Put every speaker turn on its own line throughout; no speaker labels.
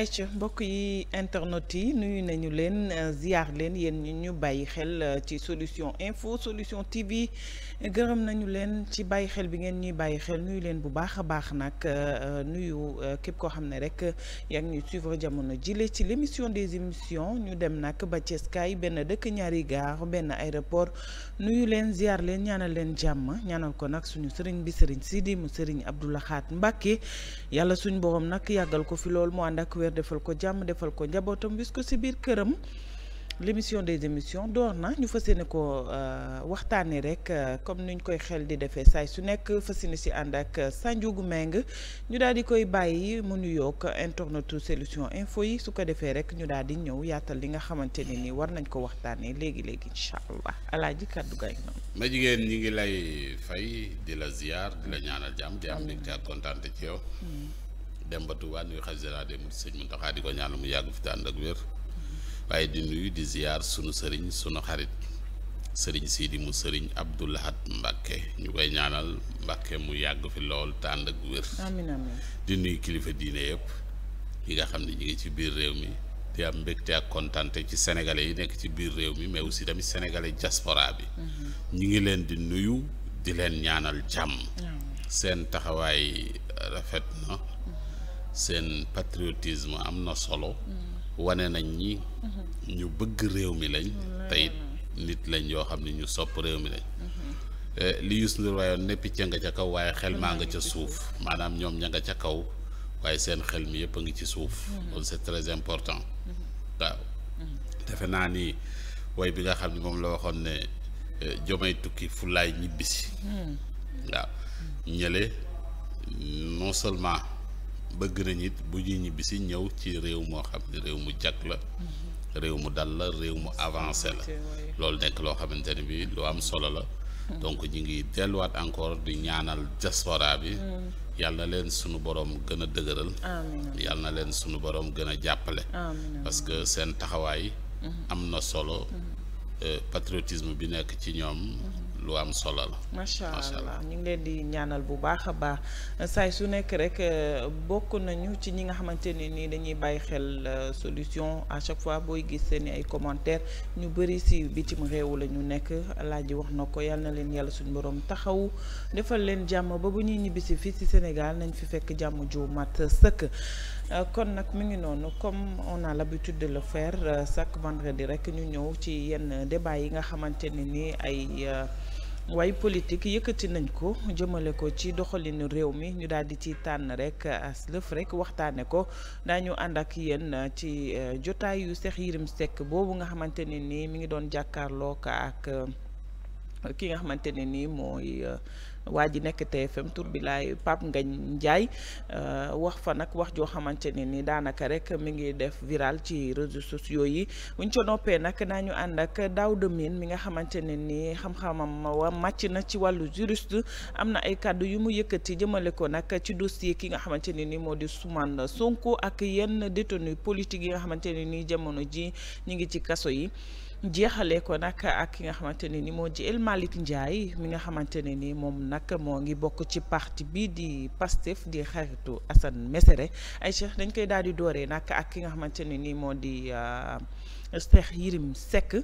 ayca mbokk yi internet yi nuyu nañu leen ziar leen yéen ñu ñu bàyyi xel euh, ci solution info solution TV. gërëm nañu leen ci bàyyi xel bi ngeen ñuy bàyyi xel nuyu leen bu baax a baax nag euh, euh, nuyu euh, képp koo xam ne rek yaa ñuy suivre jamono jile ci l' émission des émissions ñu dem nag ba Thiès kaay benn dëkk ñaari gaar benn aéroport nuyu leen ziar ñaanal leen jàmm ñaanal ko nag suñu sëriñ bi sëriñ Sidi mu sëriñ Abdou Lahad Mbacké yàlla suñu borom nag yàggal ko fi loolu mu ànd ak weer defal ko jàmm defal ko njabootam bis ko si biir këram. l'émission des émissions door na ñu fas yéene ko euh, waxtaanee rek euh, comme ni ñu koy xel di defee saay su nekk fas yéene si ànd ak euh, Sandiogou Mbengue ñu daal di koy bàyyi mu nuyoog internetu solution info yi su ko defee rek ñu daal di ñëw yaatal li nga xamante ne ni war nañ ko waxtaanee léegi léegi incha allah alaaji kàddu gaay
ma jigéen ñi ngi lay fay di la ziar di la ñaanal jàmm di am mbégte ak kontaan ci yow. Mm. Demba Touba nuyu xas dinaa dem di ko ñaan mu yàgg fi ànd ak wér. waaye di nuyu di ziyaar sunu sëriñ sunu xarit sëriñ Sidi mu sëriñ Abdou Lahad Mbacke ñu koy ñaanal Mbacke mu yàgg fi lool tànd ak wér. di nuyu kilifa diine yëpp yi nga xam ne ñu ngi ci biir réew mi di am mbégte ak kontante ci sénégalais yi nekk ci biir réew mi mais aussi tamit sénégalais diaspora bi. Mhm. ñu ngi leen di nuyu di leen ñaanal jàmm. seen taxawaay rafet na. Mhm. seen patriotisme am na solo. Mhm. wane nañ ñi mhm. ñu bëgg réew mi lañ mm-hmm. te nit lañ yoo xam ne ñu sopp réew mi lañ mm-hmm. eh, li Youssou Ndour waayoon ne picc nga ca kaw waaye xel maa nga ca mm-hmm. suuf maanaam ñoom ña nga ca kaw waaye seen xel mi yëpp a ngi ci suuf loolu c'est important waaw defe naa ni woy bi nga xam ne moom la waxoon ne jomay eh, tukki fu ñibbisi waaw ñële non seulement bëgg nañ it bu ñuy ñibbisi ñëw ci réew moo xam ne réew mu jag la réew mu dal la réew mu avancé la loolu nekk loo xamante ne bi lu am solo la donc ñu ngi delluwaat encore di ñaanal diaspora bi mm. yàlla leen sunu borom gën a dëgëral yàlla na leen sunu borom gën a jàppale parce que seen taxawaay mm-hmm. am na solo mm-hmm. euh, patriotisme bi nekk ci ñoom mm-hmm. lu solo
macha allah ñu ngi leen di ñaanal bu baax a baax saay su nekk rek euh, bokk nañu ci ñi nga xamante ni nii dañuy bàyyi xel euh, solution à chaque fois booy gis seen ay commentaires ñu bëri si bitim réew la ñu nekk Alaaji wax na ko yal na leen yàlla suñu borom taxaw defal leen jàmm ba bu ñuy ñibbisi fii ci Sénégal nañ fi fekk jàmm ju mat sëkk. Euh, kon nag mu ngi noonu comme on a l'habitude de le faire chaque vendredi rek ñu ñëw ci yenn débat yi nga xamante ne ni ay waaye politique yëkkati nañ ko jëmale ko ci doxalinu réew mi ñu daal di ci tànn rek as lëf rekk waxtaane ko daañu ànd ak yéen ci euh, jotaay yu Cheikh Yérim Seck boobu nga xamante ne nii mi ngi doon jàkkaarloo ak euh, ki nga xamante ne nii mooy. Euh, waa ji nekk TFM tur bi laay Pape njaay Ndiaye euh, wax fa nag wax joo xamante ne ni daanaka rek mi ngi def viral ci réseau sociaux yi bu ñu ca noppee nag nañu ànd ak Daouda Mine mi nga xamante ne ni xam-xamam wa màcc na ci wàllu jurist am na ay kàddu yu mu yëkkati jëmale ko nag ci dossier ki nga xamante ne ni moo di Ousmane Sonko ak yenn détenu politique yi nga xamante ne ni jamono ji ñu ngi ci kaso yi. jeexalee ko nag ak ki nga xamante ne ni moo ji El Malick mi nga xamante ne ni moom nag moo ngi bokk ci parti bi di Pastef di xaritu Assane Mesere ay cheikh dañ koy daal di dooree nag ak ki nga xamante ne ni moo di euh, Cheikh Yirim Seck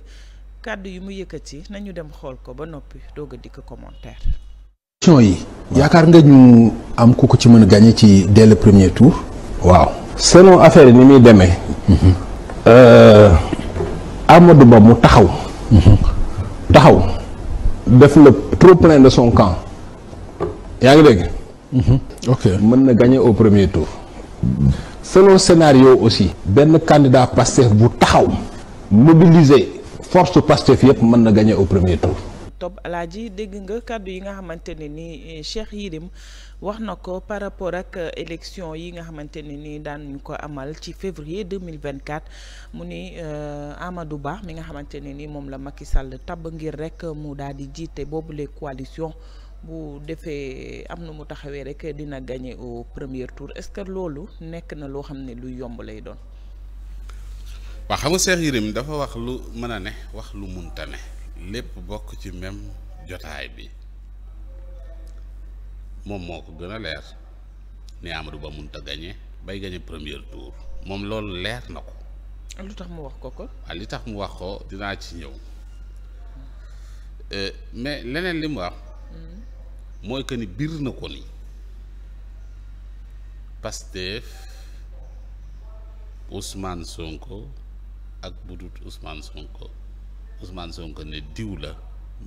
kàddu yu mu yëkkati nañu dem xool ko ba noppi doog a dikk commentaire.
élection yi yaakaar nga ñu am ku ko ci mën a ci dès premier tour. waaw selon affaire yi ni muy demee. Mhm. Euh, Amadou Ba mu taxaw. Mhm. taxaw def le trop plein de son camp yaa ngi dégg. Mhm. ok mën na gañe au premier tour. selon scénario aussi. benn candidat Pastef bu taxaw mobiliser force Pastef yëpp mën na gañe au premier tour. octobre alaaji dégg nga
kàddu yi nga xamante ne ni eh, Cheikh Yérim wax na ko par rapport ak eh, élection yi nga xamante ni ni daan ko amal ci février 2024 mu ni eh, Amadou baax mi nga xamante ne ni moom la Macky sàll tabb ngir rek mu daal di jiite boobu les coalitions bu defee am na mu taxawee rek dina gagné au premier tour est-ce que loolu nekk na loo xam ne luy yomb lay doon.
waa xam nga Cheikh dafa wax lu mën a ne wax lu munta ne lépp bokk ci même jotaay bi moom moo ko gën a leer ni Amadou Ba mënut a gañe bay gagné premier tour moom loolu leer na ko.
Ah, lu tax mu wax ko ko. waaw
ah, li tax mu wax ko dinaa ci ñëw euh, mais leneen li mu wax. Hmm. mooy que ni biir na ko ni Pastef Ousmane Sonko ak budut Ousmane Sonko. Ousmane sonk ne diw la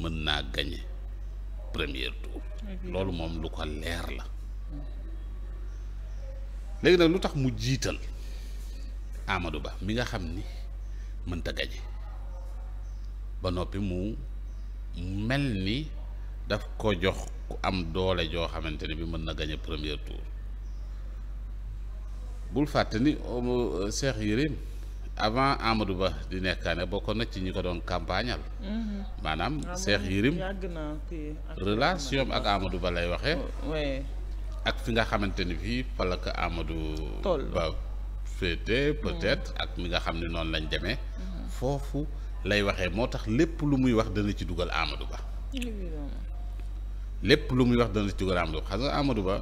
mën naa gagné premier tour. loolu moom lu ko leer la. léegi nag lu tax mu jiital Amadou Ba mi nga xam ni mënta gagné ba noppi mu mel ni daf ko jox ku am doole joo xamante ne bi mën na gagné premier tour bul fàtte ni euh, Cheikh Yérim avant Amadou Ba di nekkaane bokkoon na ci ñi ko doon campagnal mhm. maanaam Cheikh Yérim relation ak Amadou Ba lay waxee ak fi nga xamante ni fii fala ko Amadou Ba féete peut ak mi nga xam ne noonu lañ demee mhm. foofu lay waxee moo tax lépp lu muy wax dana ci dugal Amadou Ba lépp lu muy wax dana ci dugal Amadou Ba xam Amadou Ba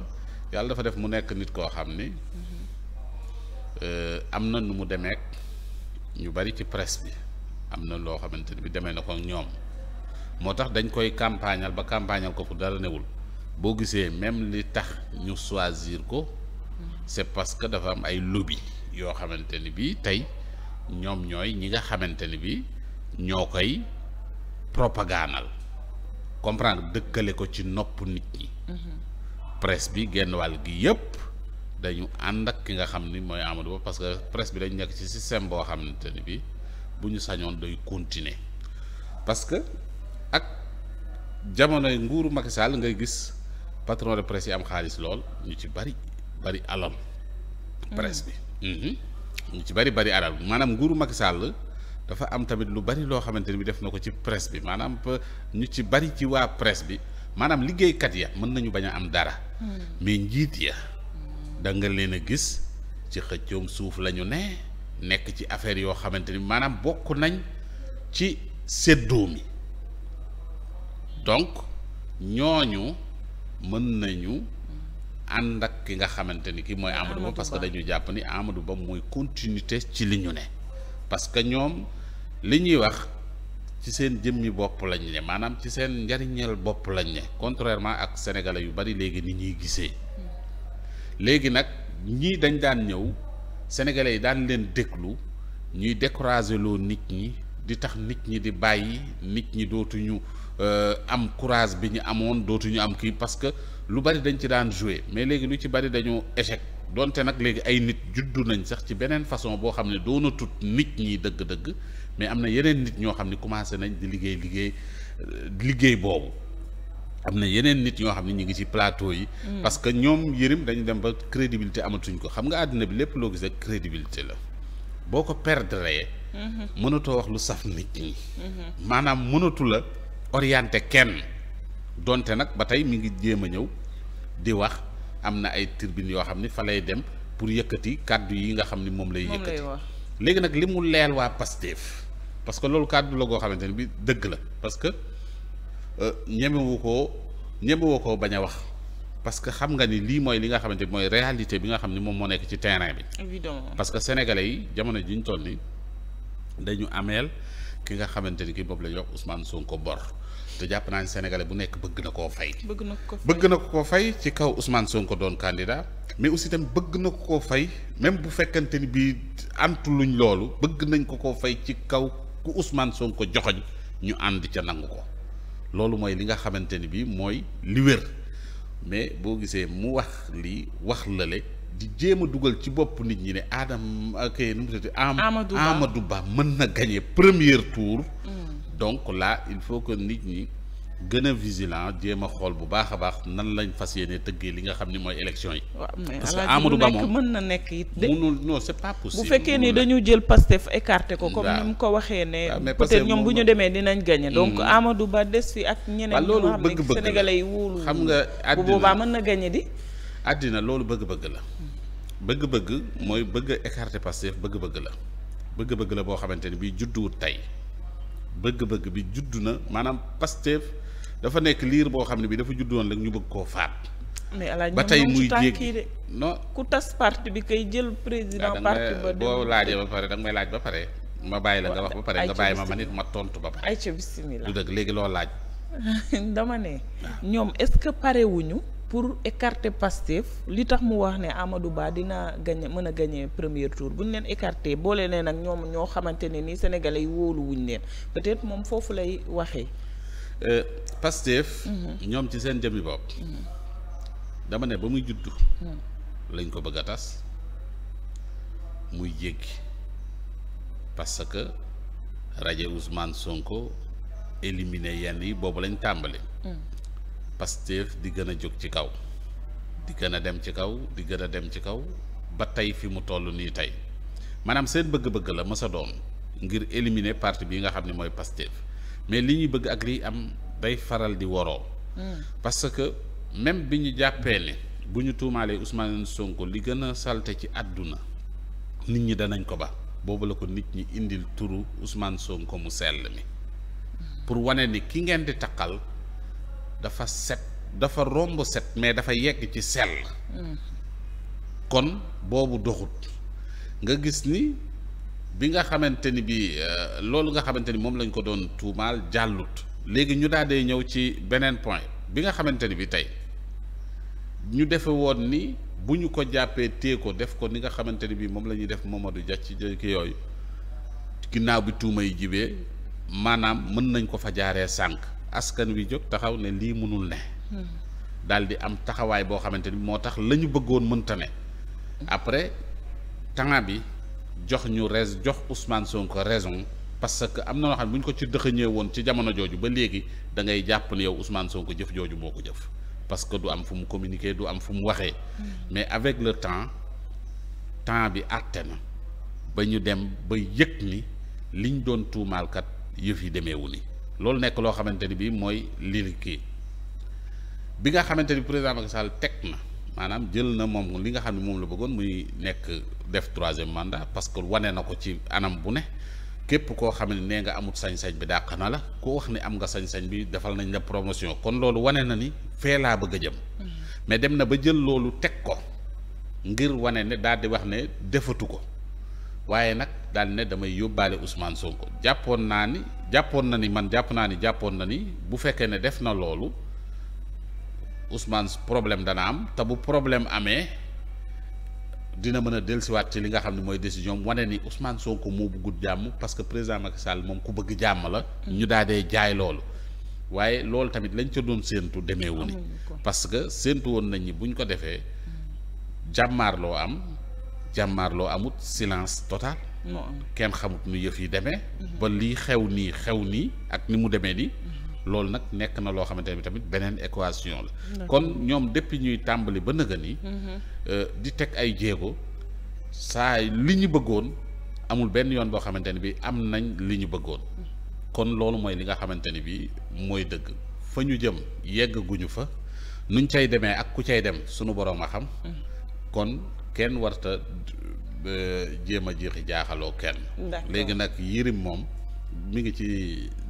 yàlla dafa def mu nekk nit koo xam ni mhm. euh, am na nu mu demeek ñu bari ci presse bi am na loo xamante ni bi demee na ko ñoom moo tax dañ koy campagnal ba campagnal ko fu dara newul boo gisee même li tax ñu soisir ko c'est parce que dafa am ay lobby yoo xamante ni bi tey ñoom ñooy ñi nga xamante ni bi ñoo koy propagaanal comprendre dëkkale ko ci noppu nit ñi mm-hmm. presse bi genn wàll gi yépp dañu ànd ak ki nga xam ni mooy Amadou Ba parce que presse bi dañ nekk ci système boo xamante ni bi bu ñu sañoon day continuer parce que ak jamonoy nguuru Macky Sall ngay gis patron de presse yi am xaalis lool ñu ci bari bari alal. presse bi. Mm-hmm. Mm-hmm. ñu ci bari bari alal maanaam nguuru Macky Sall dafa am tamit lu bari loo xamante ni bi def na ko ci presse bi maanaam ñu ci bari ci waa presse bi maanaam liggéeykat ya mën nañu bañ a am dara. Mm. mais njiit ya. da nga leen a gis ci xëccoom suuf la ñu ne nekk ci affaire yoo xamante ni maanaam bokk nañ ci séddoo mi donc ñooñu mën nañu ànd ak ki nga xamante ni ki mooy Amadou Ba parce que dañu jàpp ni Amadou Ba mooy continuité ci li ñu ne parce que ñoom li ñuy wax ci seen jëmmi bopp lañ ne maanaam ci seen njariñal bopp lañ ne contrairement ak sénégalais yu bari léegi ni ñuy gisee léegi nag ñii dañ daan ñëw sénégalais yi daan leen déglu ñuy décourager loo nit ñi di tax nit ñi di bàyyi nit ñi dootuñu euh, am courage bi ñu amoon dootuñu am kii parce que lu bari dañ ci daan jouer mais léegi lu ci bari dañoo échec donte nag léegi ay nit juddu nañ sax ci beneen façon boo xam ne doona tut nit ñi dëgg-dëgg mais am na yeneen nit ñoo xam ne commencé nañ di liggéey liggéey euh, liggéey boobu am na yeneen nit ñoo xam ne ñu ngi ci plateau yi. Mm. parce que ñoom yërim dañu dem ba crédibilité amatuñ ko xam nga àddina bi lépp loo gis rek crédibilité la boo ko perdre mm-hmm. mënatoo wax lu saf nit ñi. Mm-hmm. maanaam mënatu la orienté kenn donte nag ba tey mi ngi jéem a ñëw di wax am na ay tribune yoo xam ne fa lay dem pour yëkkati kàddu yi nga xam ne moom lay. yëkkati léegi nag li mu leel waa Pastef parce que loolu kàddu la goo xamante ne bi dëgg la Euh, ñemewu koo ñemewu ko bañ a wax parce que xam nga ni lii mooy li nga xamante ni mooy réalité bi nga xam ni moom moo nekk ci terrain bi.
évidemment parce
que sénégalais yi jamono ji ñu toll nii dañu ameel ki nga xamante ni ki boobu lañu ñu wax Ousmane Sonko bor te jàpp naa ne sénégalais bu nekk bëgg na koo fay.
bëgg na ko fay bëgg na
ko fay ci kaw Ousmane ko doon candidat. mais aussi tam bëgg na ko koo fay même bu fekkante ni bii antu luñ loolu bëgg nañ ko koo fay ci kaw ku Ousmane Sonko joxoñ ñu ànd ca nangu ko. loolu mooy li nga xamante ni bii mooy li wér mais boo gisee mu wax li wax lale di jéem a dugal ci bopp nit ñi ne Adam ok nu mu tuddati Amadou Ba Amadou Ba mën na gagner première tour. Mm. donc là il faut que nit ñi. gën a vigilant jéem a xool bu baax a baax nan lañ fas yéene tëggee li nga xam ni mooy élection yi. parce que Amadou Ba moom mën na nekk it.
mënul non c'est pas possible. bu fekkee ni dañu jël Pastef écarté ko. comme ni mu ko waxee ne. peut-être ñoom bu ñu demee dinañ gagné. donc mm. Amadou Ba des fi ak. ñeneen ñoo xam bëgg Sénégalais yi wóolu. xam nga àddina bu boobaa na gagné di. àddina loolu bëgg-bëgg la. bëgg-bëgg
mooy bëgg a écarté Pastef bëgg-bëgg la. bëgg-bëgg la boo xamante ne bii judduwut tey bëgg-bëgg bi juddu na maanaam Pastef dafa nekk liir boo xam ne bi dafa juddoon rek ñu bëgg koo faat.
ba tey muy jéeg non ku tas parti bi kay jël président ah, parti ba boo
ba pare da may laaj ba pare ma bàyyi la nga wax ba pare nga bàyyi ma ma nit ma tontu ba pare
ay ca bismillah du
dëgg léegi loo laaj
dama ne ah. ñoom est-ce que pare wuñu pour écarter Pastef li tax mu wax ne Amadou Ba dina gagné mën a gagné premier tour bu ñu leen écarté boole nee nag ñoom ñoo xamante ne nii sénégalais yi wóolu wuñ leen peut-être moom foofu lay waxee
Euh, Pastef ñoom ci seen jëmmi bopp dama ne ba muy juddu lañ ko bëgg a tas muy jéggi parce que rajo Ousmane Sonko éliminé yenn yi boobu lañ tàmbali Pastef di gën a jóg ci kaw di gën a dem ci kaw di gën a dem ci kaw ba tey fi mu toll nii tey maanaam seen bëgg-bëgg la mës doom ngir éliminer parti bi nga xam ne mooy Pastef mais li ñuy bëgg ak liy am day faral di woroo hmm. parce que même bi ñu jàppee ne bu ñu tuumaalee Ousmane Sonko li gën a salte ci àdduna nit ñi danañ ko ba boobu la ko nit ñi indil turu Ousmane Sonko mu sell mi pour wane ni ki ngeen di takkal dafa set dafa romb set mais dafa yegg ci sell hmm. kon boobu doxut nga gis ni bi nga xamante ni bi euh, loolu nga xamante ni moom lañ ko doon tuumaal jàllut léegi ñu daal dee ñëw ci beneen point bi nga xamante ni bi tey ñu defe woon ni bu ñu ko jàppee téye ko def ko ni nga xamante ni bi moom la ñuy def du Dia ci ki yooyu ginnaaw bi tuuma yi jibee maanaam mën nañ ko fa jaaree sànq askan wi jóg taxaw ne lii mënul ne daal di am taxawaay boo xamante ni moo tax la ñu bëggoon mënta ne après temps bi jox ñu res jox Ousmane Sonko raison parce que am na loo xam ne bu ñu ko ci dëxëñee woon ci jamono jooju ba léegi dangay ngay jàpp ne yow Ousmane Sonko jëf jooju moo ko jëf parce que du am fu mu communiquer du am fu mu waxee. Mm. mais avec le temps temps bi àtte na ba ñu dem ba yëg ni liñ doon tuumaalkat yëf yi demeewu ni loolu nekk loo xamante ni bii mooy lii kii bi nga xamante ni président Macky Sall teg na. maanaam jël na moom li nga xam ne moom la bëggoon muy nekk def troisième mandat parce que wane na ko ci anam bu ne képp koo xam ne nee nga amut sañ-sañ bi dàq na la koo wax ne am nga sañ-sañ bi defal nañ la promotion kon loolu wane na ni fee laa bëgg a jëm mm-hmm. mais dem na ba jël loolu teg ko ngir wane ne daal di wax ne defatu ko waaye nag daal ne damay yóbbaale Ousmane ko jàppoon naa ni jàppoon na ni man jàpp naa ni jàppoon na ni bu fekkee ne def na loolu Ousmane problème dana am te bu problème amee dina mën a dellusiwaat ci li nga xam ne mooy décision wane ni Ousmane Sonko moo bëggut jàmm parce que président Macky Sall moom ku bëgg jàmm la. ñu daal dee jaay loolu. waaye loolu tamit lañ ca doon séentu demee wu ni parce que séentu woon nañ ni buñ ko defee jàmmaarloo am jàmmaarloo amut silence total. kenn xamut nu yëf yi demee. Mhm. ba lii xew nii xew nii ak ni mu demee nii. Mhm. loolu nag nekk na loo xamante ne tamit beneen équation la. kon ñoom depuis ñuy tàmbali ba nëgën yi. Mhm. Euh, di teg ay jéego saa li ñu bëggoon amul benn yoon boo xamante ne bi am nañ li ñu bëggoon. kon loolu mooy li nga xamante ni bi mooy dëgg fa ñu jëm yegg guñu fa nuñ cay demee ak ku cay dem sunu borom a xam. Mhm. kon kenn warta euh, jéem a jeexi jaaxaloo kenn. léegi nag yirim moom. mu ngi ci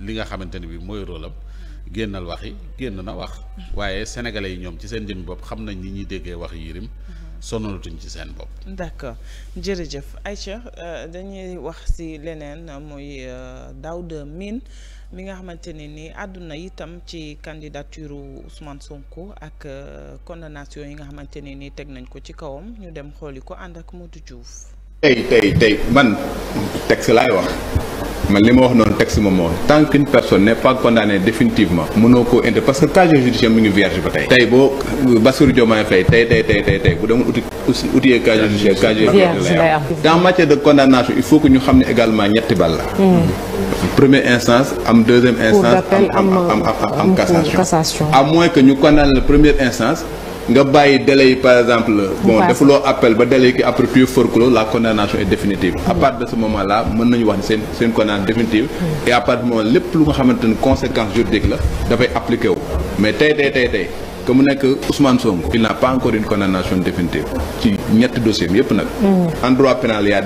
li nga xamante ne bi mooy rôle am génnal wax yi génn na wax waaye sénégalais yi ñoom ci seen jëm bopp xam nañ ni ñuy déggee wax yirim sonalatuñ ci seen bopp.
d'accord jërëjëf ay Aïcha euh, dañuy wax ci leneen muy euh, Daouda Mine mi nga xamante ne ni àdduna itam ci candidature Ousmane Sonko ak euh, condamnation yi nga xamante ne ni teg nañ ko ci kawam ñu dem xooli ko ànd ak Modou Diouf.
tey tey tey man texte laay wax. man li ma wax noonu texte moom moo tant qu'une personne n'est pas condamnée définitivement mënoo koo indi parce que casier judiciaire mu ngi vierge ba tey tey boo Bassirou Diomaye Faye tey tey tey tey bu demoon uti outillé casier judiciaire casier vierge lay am dans matière de condamnation il faut que ñu xam ne également ñetti bal la
hmm.
première instance am deuxième instance am am am am cassation que ñu condamne la instance nga bàyyi délai yi par exemple. bon defuloo appel ba délai ki après tu forclos la condamnation est définitive. à de ce moment là mën nañu wax ne seen seen condamnation définitive. et à moment lépp lu nga xamante conséquence juridique la dafay appliqué mais tey tey tey tey mu nekk Ousmane Sonko. il encore une condamnation définitive. ci ñetti dossiers yépp nag. Mm. en droit pénal il y a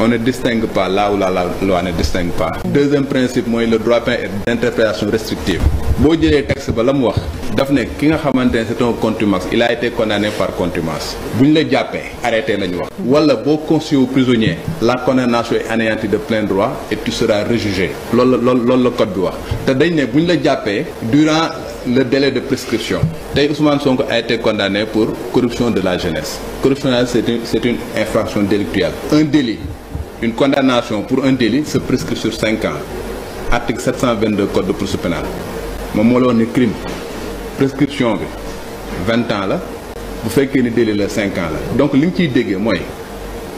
on ne distingue pas là où la loi ne distingue pas. deuxième principe mooy le droit commun et d'interprétation restrictive boo jëlee texte ba la mu wax daf ne ki nga xamante ne c'est un il a été condamné par contumace bu la jàppee arrêté la ñu wax. wala boo constitué prisonnier la condamnation est anéantie de plein droit et tu seras rejugé lool la loolu la code bi wax te dañ ne bu la jàppee durant. le délai de prescription tey Ousmane Sonko a été condamné pour corruption de la jeunesse corruption de la jeunesse c'est une infraction délictuelle un délit une condamnation pour un délit se prescrit sur cinq ans article 722 code de procédure pénale moom moo la woon ni crime prescription bi vingt ans la bu fekkee ni délit la cinq ans la donc li ñu ciy déggee mooy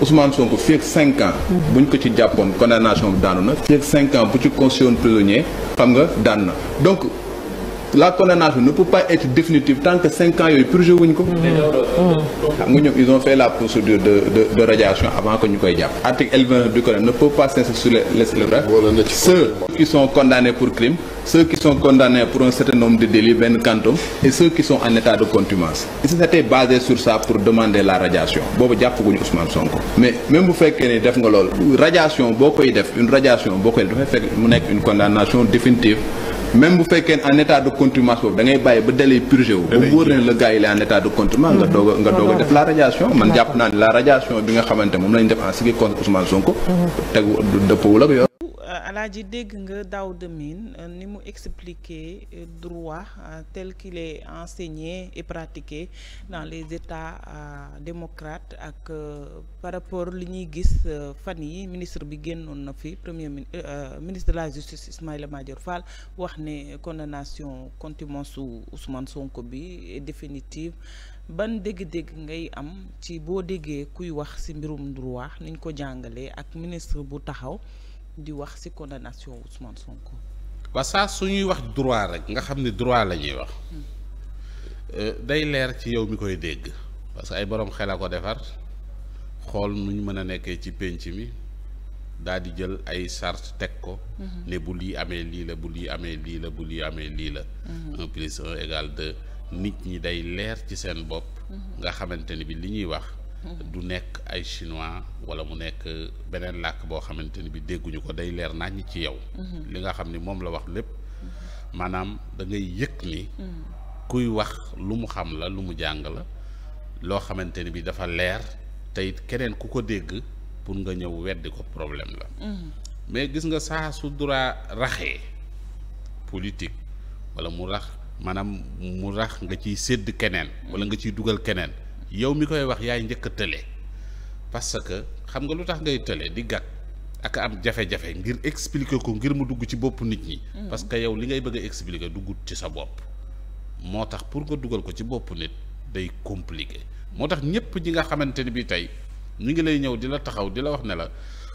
Ousmane Sonko fii ak cinq ans bu ñu ko ci jàppoon condamnation bi daanu na fii ak cinq ans bu ci constitution xam nga daanu na la condamnation ne peut pas être définitive tant que cinq ans yooyu purgé wuñ ko. xam nga ñoom ils ont fait la procédure de de de radiation avant que ñu koy jàpp. article l du code ne peut pas s'installer sur les célèbres. ceux qui sont condamnés pour crime ceux qui sont condamnés pour un certain nombre de délits benn quantum et ceux qui sont en état de contumace. ils s'étaient basés sur ça pour demander la radiation boobu jàppaguñu Ousmane Sonko. mais même bu fekkee ni def nga loolu radiation boo koy def une radiation boo mu nekk une condamnation définitive. même bu fekkee en état de contumace boobu da ngay bàyyi ba délai purgé wu. bu wóor ne le gars il est état de contumace nga doog nga doog def la radiation man jàpp naa la radiation bi nga xamante moom lañ def en ce qui mhm. tegu dëppawul ak yoon.
Euh, Alaaji dégg nga daaw de Mine euh, ni mu expliquer euh, droit tel qu'il est enseigné et pratiqué dans les États démocrates ak par rapport li ñuy gis fan yi ministre bi génnoon na fi premier ministre la justice Ismaïla Madior Fall wax ne condamnation contumace su Ousmane sonk bi est définitive ban dégg-dégg ngay am ci boo déggee kuy wax ci mbirum droit niñ ko jàngalee ak ministre bu taxaw di wax ci condamnation Ousmane Sonko.
waaw saa su ñuy wax droit rek nga xam ne droit la ñuy wax. Euh, day leer ci yow mi koy dégg parce que ay boroom xel a ko defar xool nu ñu mën a nekkee ci pénc mi daal di jël ay charte teg ko. Mhm. ne bu lii amee lii la bu lii amee lii la bu lii amee lii la. Mhm. un plus un égale deux nit ñi day leer ci seen bopp. Mhm. nga xamante ni bi li ñuy wax. du nekk ay chinois wala mu nekk beneen làkk boo xamante ni bi dégguñu ko day leer nañ ci yow. Mhm. li nga xam ni moom la wax lépp. Mhm. maanaam da ngay yëg ni. Mhm. kuy wax lu mu xam la lu mu jàng la loo xamante ni bi dafa leer te it keneen ku ko dégg pour nga ñëw weddi ko problème la. mais gis nga saa su dura raxee politique wala mu rax maanaam mu rax nga ciy sédd keneen. wala nga ciy dugal keneen. yow mi koy wax yaay njëkk a tële parce que xam nga lu tax ngay tële di gàtt ak am jafe-jafe ngir expliquer ko ngir mu dugg ci bopp nit ñi. Mm. parce que yow li ngay bëgg a expliquer ci sa bopp. moo tax pour nga dugal ko ci bopp nit day compliqué moo tax ñëpp ji nga xamante ni bii tey ñu ngi lay ñëw di la taxaw di la wax ne la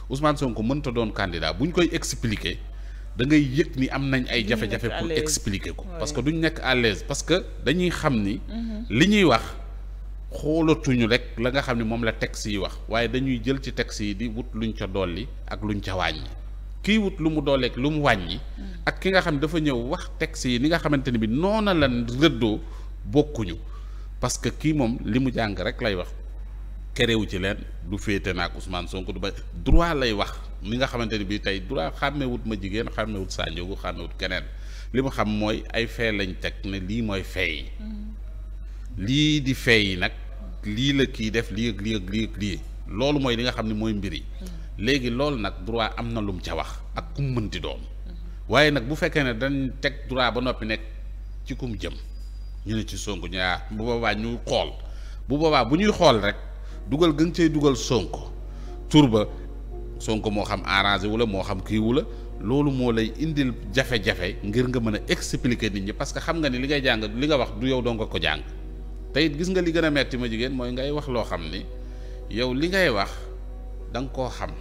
Ousmane Sonko mënta doon candidat bu ñu koy expliquer da ngay yëg ni am nañ ay jafe-jafe pour expliquer ko parce que duñ nekk à l'aise parce que dañuy xam ni mm-hmm. li ñuy wax. xoolatuñu rek la nga xam ne moom la texte yi wax waaye dañuy jël ci texte yi di wut luñ ca dolli ak luñ ca wàññi kiy wut lu mu dooleeg lu mu wàññi mm. ak ki nga xam ne dafa ñëw wax texte yi ni nga xamante ni bi noona la rëddoo bokkuñu parce que kii moom li mu jàng rek lay wax kerewu ci leen du féete naak Ousmane Sonko du ba droit lay wax ni nga xamante ni bi tey droit wut ma jigéen xàmmewut Sa Ndiogou wut keneen li mu xam mooy ay fee lañ teg ne lii mooy fee lii di fay nag lii la kii def lii ak lii ak lii loolu mooy li nga xam ne mooy mbir yi mm-hmm. léegi loolu nag droit am na lum ca wax
ak kum mënti
doom mm-hmm. waaye nag bu fekkee ne dañ teg droit ba noppi nekk ci kum jëm ñu ne ci sonk ñu ah, bu boobaa ñu xool bu boobaa bu ñuy xool rek dugal gën cee dugal Sonko tour ba Sonko moo xam arrangé wu la moo xam kii wu la loolu moo lay indil jafe-jafe ngir nga mën a expliquer nit ñi parce que xam nga ni li ngay jàng li nga wax du yow doo nga ko jàng. te gis nga li gën a metti ma jigéen mooy ngay wax loo xam ni yow li ngay wax danga koo xam.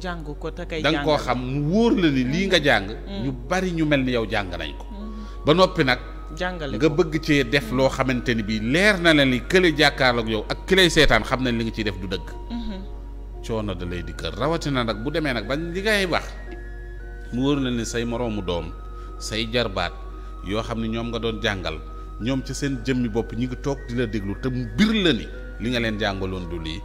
jàng ko te kay koo xam
mu wóor la ni lii nga mm-hmm. jàng. ñu mm-hmm. bari ñu mel ni yow jàng nañ ko. Mm-hmm. ba noppi nag. jàngale nga bëgg ci def loo xamante ni bii leer na la ni kële jàkkaarloog yow ak këley seetaan xam nañ li nga ciy def du dëkk coono da lay dikkal rawatina nag bu demee nag ba li ngay wax mu wóor la ni say moroomu doom say jarbaat yoo xam ne ñoom nga doon jàngal. ñoom ci seen jëmmi bopp ñu ngi toog di la déglu te mu bir la ni li nga leen jàngaloon du lii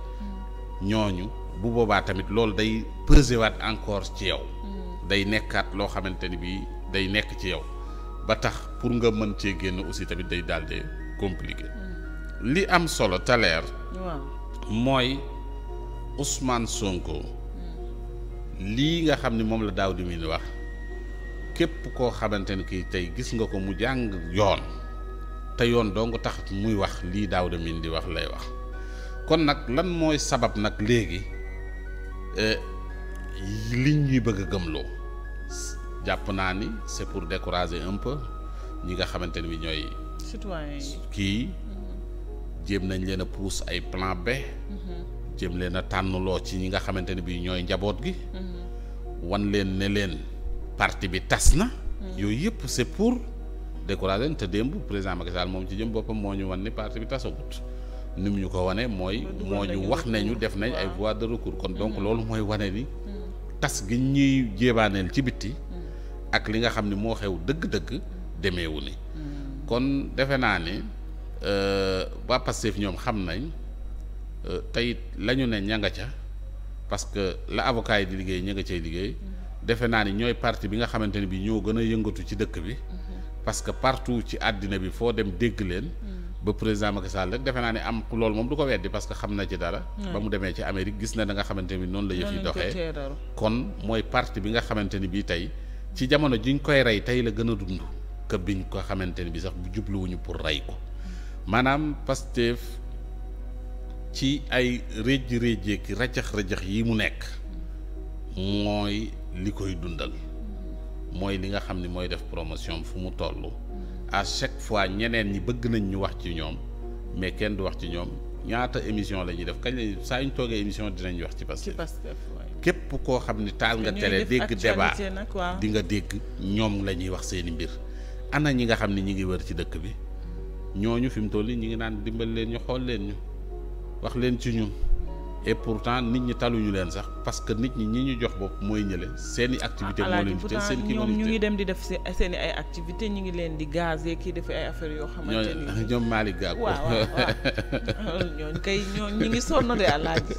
ñooñu bu boobaa tamit loolu day peser waat encore ci yow.
Mm.
day nekkaat loo xamante ni bii day nekk ci yow ba tax pour nga mën cee génn aussi tamit day daal di compliqué. Mm. li am solo te leer. mooy Ousmane Sonko. Mm. lii nga xam ni moom la daaw di muy wax képp koo xamante ni kii tey gis nga ko mu jàng yoon. te yoon dong tax muy wax lii daaw de min di wax lay wax kon nag lan mooy sabab nag léegi eh, liñ ñuy bëgg a gëmloo jàpp naa ni c'est pour décourager un ñi nga xamante ni bi ñooy kii mm-hmm. jéem nañ leen a ay plan B
mm-hmm.
jéem leen a tànnloo ci ñi nga xamante ni bi ñooy njaboot gi
mm-hmm.
wan leen ne leen parti bi tas na yooyu yëpp c'est pour découragé te démb président Macky Sall moom ci jëm boppam moo ñu wan ni parti bi tasagut ni mu ñu ko wane mooy moo ñu wax nañu def nañ ay voies de recours kon donc mm-hmm. loolu mooy wane ni mm-hmm. tas gi ñuy jéebaaneel ci bitti mm-hmm. ak li nga xam ni moo xew dëgg-dëgg demeewu ni kon defe naa ni euh, waa Pastef ñoom xam nañ euh, teyit la ñu ne ña nga ca parce que la avocat yi di liggéey ña nga cay liggéey defe naa ni ñooy parti bi nga xamante ne bi ñoo gën a yëngatu ci dëkk bi parce que partout ci àddina bi foo dem dégg leen. Mm. ba président Macky Sall rek defe naa ne am lool moom du ko weddi parce que xam na ci dara. Mm. ba mu demee ci Amérique gis na da nga xamante ni noonu la yëf yi doxee. kon mooy parti bi nga xamante ni bii tey ci jamono ji jiñ koy rey tey la gën a dund bi ñu ko xamante ni bii sax bu jubluwuñu pour rey ko mm. maanaam Pastef ci ay réjj réjjeeki rajax rajax yi mu nekk mooy li koy dundal. mooy li nga xam ni mooy def promotion fu mu toll a chaque fois ñeneen ñi bëgg nañ ñu wax ci ñoom mais kenn du wax ci ñoom ñaata émission la ñuy def kañ lañ saa ñu toogee émission dinañu wax ci Pastef képp koo xam ni taal nga télé dégg débat di nga dégg ñoom la ñuy wax seeni mbir ana ñi nga xam ni ñi ngi wër ci dëkk bi ñooñu fi mu toll ñi ngi naan dimbal leen ñu xool leen ñu wax leen ci ñun et pourtant nit ñi taluñu leen sax parce que nit ñi ñi ñu jox bopp mooy ñële seen activité moo leen te seen ñu ngi
dem di def seen i ay activité ñu ngi leen di gazé kii def ay affaire yoo xamante ni ñoo ñu ngi sonn de àlaaji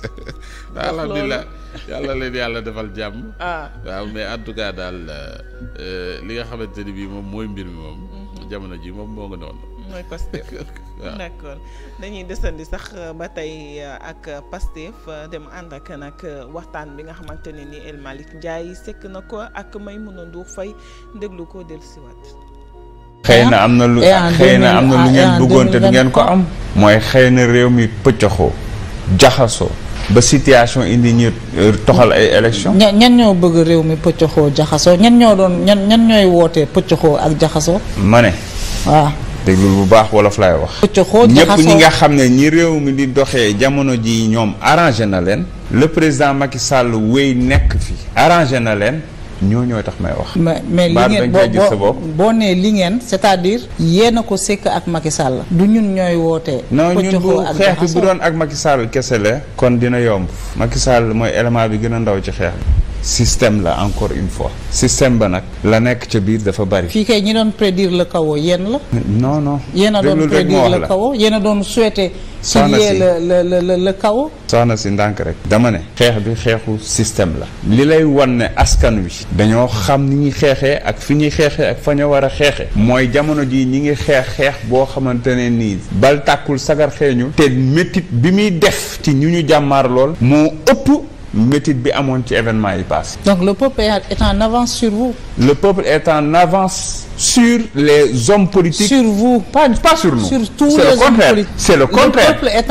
yàlla leen yàlla defal jàmm ah. waaw mais en tout cas daal euh, euh, li nga xamante ni bii moom mooy mbir mi moom mhm. jamono ji moom moo nga noonu
mooy Pastef d' accord dañuy desandi sax euh, ba tey euh, ak euh, Pastef dem ànd ak nag waxtaan bi nga xamante ne ni El Malick sekk na ko ak Maimouna Ndour Faye déglu ko dellusiwaat.
xëy na am na lu xëy na am na lu ngeen bëggoon te ngeen ko am. mooy xëy na réew mi pëccaxoo jaxasoo. ba situation indi ñu toxal ay élection
ñan ñan ñoo bëgg réew mi pëccaxoo jaxasoo ñan ñoo doon ñan ñan ñooy wootee pëccëxoo ak jaxasoo. ma ne. waaw.
déglul bu baax wolof laay wax ñëpp ñi nga xam ne ñi réew mi di doxee jamono ji ñoom arrangé na leen le président Macky Sall wéy nekk fi arrangé na leen ñoo ñooy tax may wax mais li ngeen boo
boo nee li ngeen c'est-à-dire yéen ko sekk ak Macky Sall du ñun ñooy wootee non ñun bu xeex bi bu doon
ak Macky Sall kese la kon dina yomb Macky Sall mooy élément bi gën a ndaw ci xeex bi système la encore une fois système ba nag la nekk ca biir dafa bari
fii kay ñi doon prédire la chaos yéen la non non yéen a doon prédire la chaos yéen a doon souhaiter qu'il y ait le le le
si ndànk rek dama ne xeex bi xeexu système la li lay wan ne askan wi dañoo xam ni ñuy xeexee ak fi ñuy xeexee ak fa ñu war a xeexee mooy jamono jii ñi ngi xeex xeex boo xamante ne nii bal tàkkul sagar xeeñu te métit bi muy def ci ñu ñu jàmmaar lool moo ëpp métit bi amoon ci événement yi passé
donc le peuple est en avance sur vous.
le peuple est en avance sur les hommes politiques. Sur vous. Pas, pas sur nous. Sur tous les le hommes politiques. C'est le contraire. Le peuple est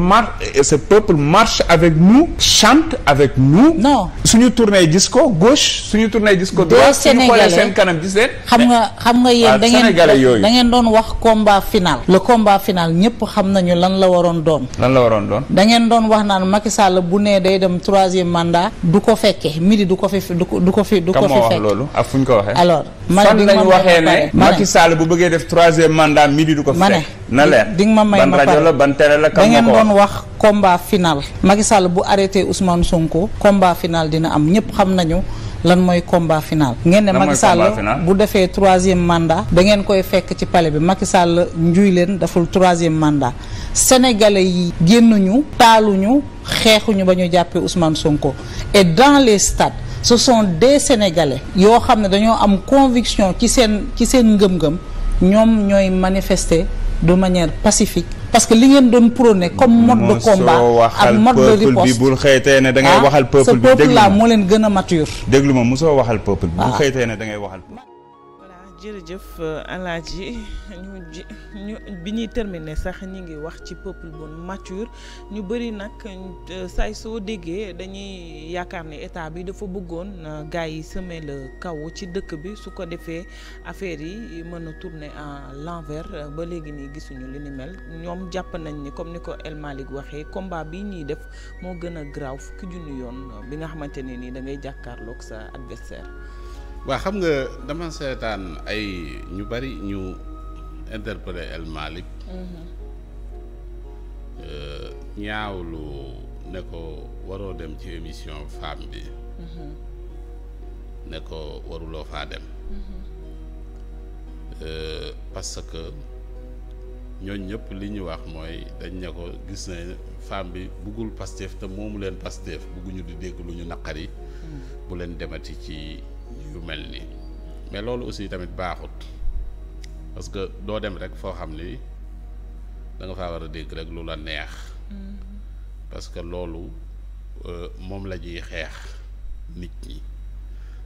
en bah, avec nous, chante avec nous. non suñu tournée disco gauche suñu tournée disco droite suñu xoolee seen kanam
gis leen. xam nga xam nga yéen da ngeen da ngeen doon wax combat final. le combat final ñëpp xam nañu lan la waroon doon.
lan la waroon doon. da ngeen
doon wax naan Macky Sall bu nee day dem troisième mandat du ko fekkee midi du ko fi du ko fi du ko fi. fekk kan moo
loolu ak fu ko waxee alors. fan lañ waxee ne Macky Sall bu bëggee def troisième mandat midi du ko fi na leer di nga ma may ma rajo la ban la kam da ngeen doon
wax combat final Macky Sall bu arrêté Ousmane Sonko combat final dina am ñëpp xam nañu lan mooy combat final. ngeen ne Macky Sall bu defee troisième mandat. da ngeen koy fekk ci pale bi Macky Sall njuy leen deful troisième mandat sénégalais yi génnuñu taaluñu xeexuñu ba ñu jàppee Ousmane Sonko et dans les stades. ce sont des sénégalais yoo xam ne dañoo am conviction ci seen ci seen ngëm-ngëm ñoom ñooy manifester de manière pacifique parce que li ngeen doon prôné comme mode de combat ak mode de riposte bi bul
xëytee ne da ngay ah, waxal peuple bi déglu ma moo leen gën a mature déglu ma soo waxal peuple bi bul ah. xëytee ne da ngay waxal
jërëjëf euh, alaaji ñu ji ñu bi ñuy terminer sax ñu ngi wax ci peuple bu mature ñu bëri nag euh, saay soo déggee dañuy yaakaar ne état bi dafa bëggoon euh, gars yi semer la kaw ci dëkk bi su ko defee affaire yi mën a tourner à l'envers ba léegi nii gisuñu li ni mel ñoom jàpp nañ ni comme ni ko El Malick waxee combat bi ñuy def moo gën a graaw fukki junni yoon bi nga xamante ne nii da ngay jàkkaarloog sa adversaire
waa xam nga dama seetaan ay ñu bari ñu interpeller El Malick mm-hmm. ñaawlu ne ko waroo dem ci émission femme bi
mm-hmm.
ne ko waruloo faa dem mm-hmm. euh, parce que ñooñ ñëpp li ñu wax mooy dañ ne ko gis na femme bi buggul Pastef te moomu leen Pastef bugguñu di dégg lu ñu naqari bu leen demati ci yu mel nii mais loolu aussi tamit baaxut parce que doo dem rek foo xam ni danga nga faa war a dégg rek lu la neex parce que loolu euh, moom la ñuy xeex nit ñi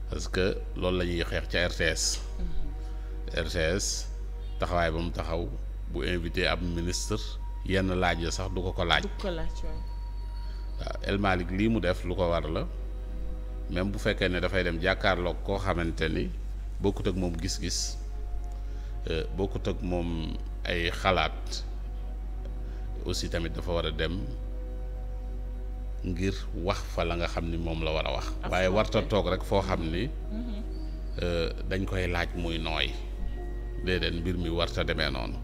parce que loolu la ñuy xeex ca RTS RTS taxawaay ba mu taxaw bu invité ab ministre yenn laaj ya sax du ko ko laaj waaw El Malick lii mu def lu ko war la même bu fekkee ne dafay dem jàkkaarlook koo xamante ni bokkut ak moom gis-gis euh, bokkut ak moom ay xalaat aussi tamit dafa war a dem ngir wax fa la nga xam ni moom la war a wax. waaye warta toog rek foo xam ni mm-hmm. euh, dañ koy laaj muy nooy déedéet mbir mi warta demee noonu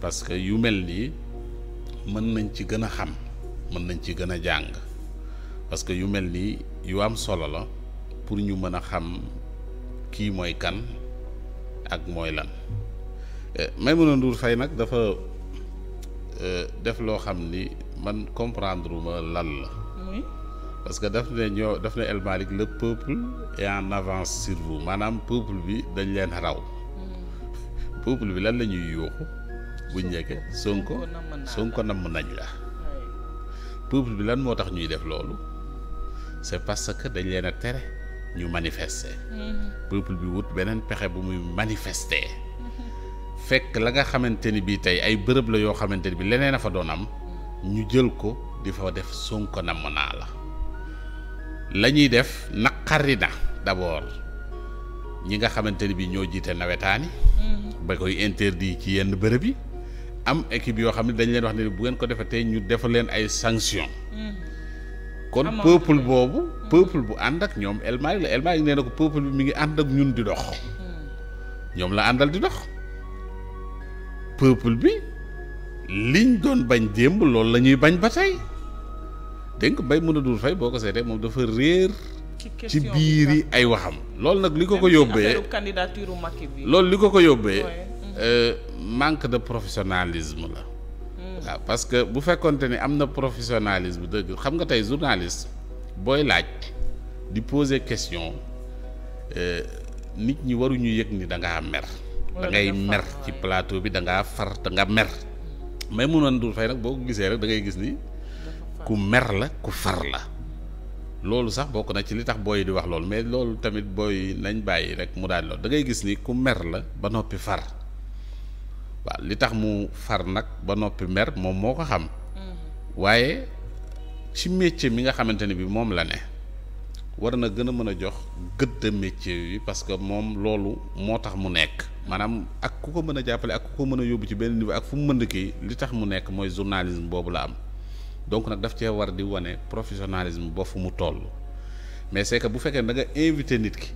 parce que yu mel nii mën nañ ci gën a xam mën nañ ci gën a jàng. parce que yu mel nii yu am solo la pour ñu mën a xam kii mooy kan ak mooy lan eh, Maimouna Ndour Faye nag dafa eh, def loo xam ni man comprendre ma lan la. parce que daf ne ñoo daf ne El Malick peuple est en avance sur maanaam peuple bi dañ leen raw. Mm. peuple bi lan la ñuy yuuxu buñ nekkee Sonko Sonko namm nañ la peuple bi lan moo tax ñuy def loolu c'est parce que dañ leen a tere ñu manifester. Mm-hmm. peuple bi wut beneen pexe bu muy manifeste fekk la nga xamante ni bii tey ay bërëb la yoo xamante ni bi leneen a fa doon am ñu jël ko di fa def Sonko namm naa la la ñuy def naqari na d'abord ñi nga xamante ni bi ñoo jiite nawetaani
mm-hmm.
ba koy interdit ci yenn bërëb yi am équipe yoo xam ne dañ leen wax ne bu ngeen ko defatee ñu def leen ay sanctions. Mm-hmm. kon peuple boobu mm. peuple bu ànd ak ñoom El Malick la El Malick nee na ko peuple bi mu ngi ànd ak ñun di dox mm. ñoom la àndal di dox peuple bi liñ doon bañ jéem loolu la ñuy bañ ba tey dégg nga bay mën a dul fay boo ko seetee moom dafa réer
ci biir yi
ay waxam loolu nag li ko ko yóbbee
candidature Macky bi loolu li ko ko yóbbee
euh, manque de professionnalisme la waaw ah, parce que bu fekkonte ni am na professionnalisme dëgg xam nga tey journaliste booy laaj di poser question euh, nit ñi waruñu yëg ni da ngaa mer. da ngay mer ci plateau bi da ngaa far danga nga mer mais mu noon dul fay nag boo ko gisee rek da ngay gis ni ku mer la ku far la loolu sax bokk na ci li tax booy di wax loolu mais loolu tamit booy nañ bàyyi rek mu daal loolu da ngay gis ni ku mer la ba noppi far. waa li tax mu far nag ba noppi mer moom moo ko xam mm-hmm. waaye ci métier mi nga xamante ne bi moom la ne war na gën a mën a jox gëdd métier bi parce que moom loolu moo tax mu nekk maanaam ak ku ko mën a jàppale ak ku ko mën a yóbbu ci benn niveau ak fu mu mën kii li tax mu nekk mooy journalisme boobu la am donc nag daf cee war di wane professionnalisme ba fu mu toll mais c'est que bu fekkee da nga invité nit ki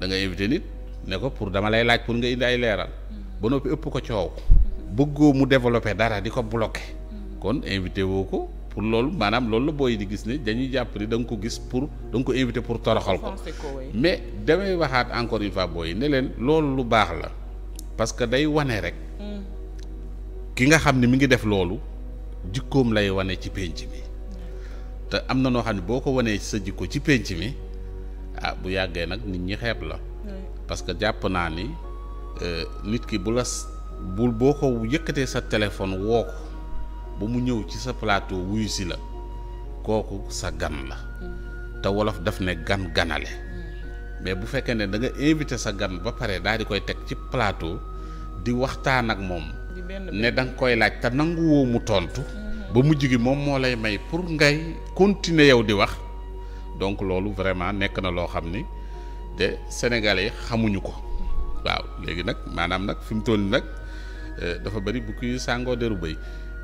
da nga invité nit ne ko pour dama lay laaj pour nga indi leeral mm-hmm. ba noppi ëpp ko coow bëggoo mu développé dara di ko bloqué kon invité woo ko pour loolu maanaam loolu la booy di gis ne dañuy jàpp ni da nga ko gis pour da nga ko invité pour toroxal ko mais damay waxaat encore une fois yi ne leen loolu lu baax la parce que day wane rek mm. ki nga xam ne mi ngi def loolu jikkoom lay wane ci pénc mi te am na noo xam ne boo ko wanee sa jikko ci pénc mi ah bu yàggee nag nit ñi xeeb la parce que jàpp naa ni Euh, nit ki bu la boo ko yëkkatee sa téléphone woo ko ba mu ñëw ci sa plateau wuyu si la kooku sa gan la mm. te wolof daf ne gan ganale mm. mais bu fekkee ne da nga invité sa gan ba pare daal di koy teg ci plateau di waxtaan ak moom ne da nga koy laaj te nanguwoo mu tontu mm-hmm. ba mu gi moom moo lay may pour ngay continuer yow di wax donc loolu vraiment nekk na loo xam ni te sénégalais xamuñu ko waaw léegi nag maanaam nag fi mu toll nii nag euh, dafa bëri bu kuy sàngoo deru bëy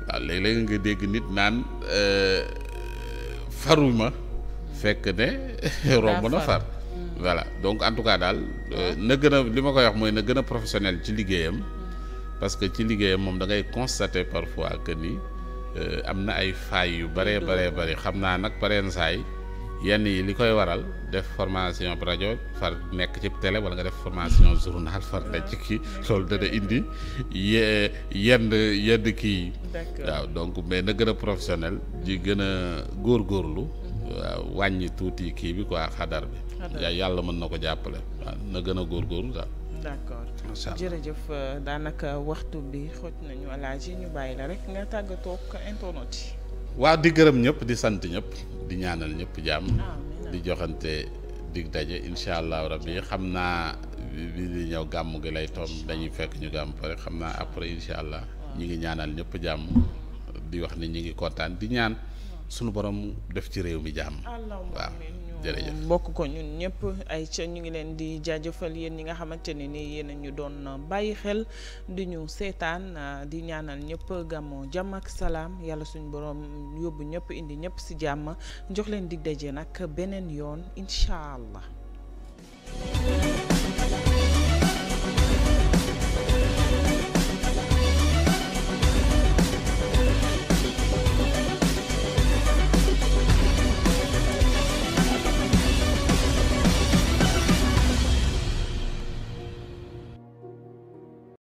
waaw léegi léeg nga dégg nit naan euh, faru ma fekk ne romb na far hmm. voilà donc en tout cas daal euh, na gën a li ma koy wax mooy na gën a professionnel ci liggéeyam hmm. parce que ci liggéeyam moom da ngay constater parfois que ni am na ay failles yu bëree bëree bëri xam naa nag pareen saay yenn yi li koy waral def formation rajo far nekk ci télé wala nga def formation journal far nekk ci kii loolu dana indi yenn yenn kii. waaw donc mais na gën a professionnel di gën a góor góorgóorlu. waaw wàññi tuuti kii bi quoi xadar bi. yàlla mën na ko jàppale. waaw na gën a góor daal.
d'accord euh, daanaka waxtu bi xoj nañu alaaji
di gërëm ñëpp di sant ñëpp di ñaanal ñëpp jàmm. Ah. di joxante dig daje incha allah rabbi xam naa bi di ñëw gàmm gi lay toom dañuy fekk ñu gàmm pare xam naa après incha allah ñu ngi ñaanal ñëpp jàmm di wax ni ñu ngi kontaan di ñaan sunu borom def ci réew mi jàmm waaw jërëjëf
mm, bokk ko ñun ñëpp ay ca ñu ngi leen di jaajëfal yéen ñi nga xamante ne ni yéen ñu doon bàyyi xel di ñu seetaan ah, di ñaanal ñëpp gàmmu jàmm ak salaam yàlla suñu boroom yóbbu ñëpp indi ñëpp ci jàmm jox leen dig daje nag beneen yoon incha allah.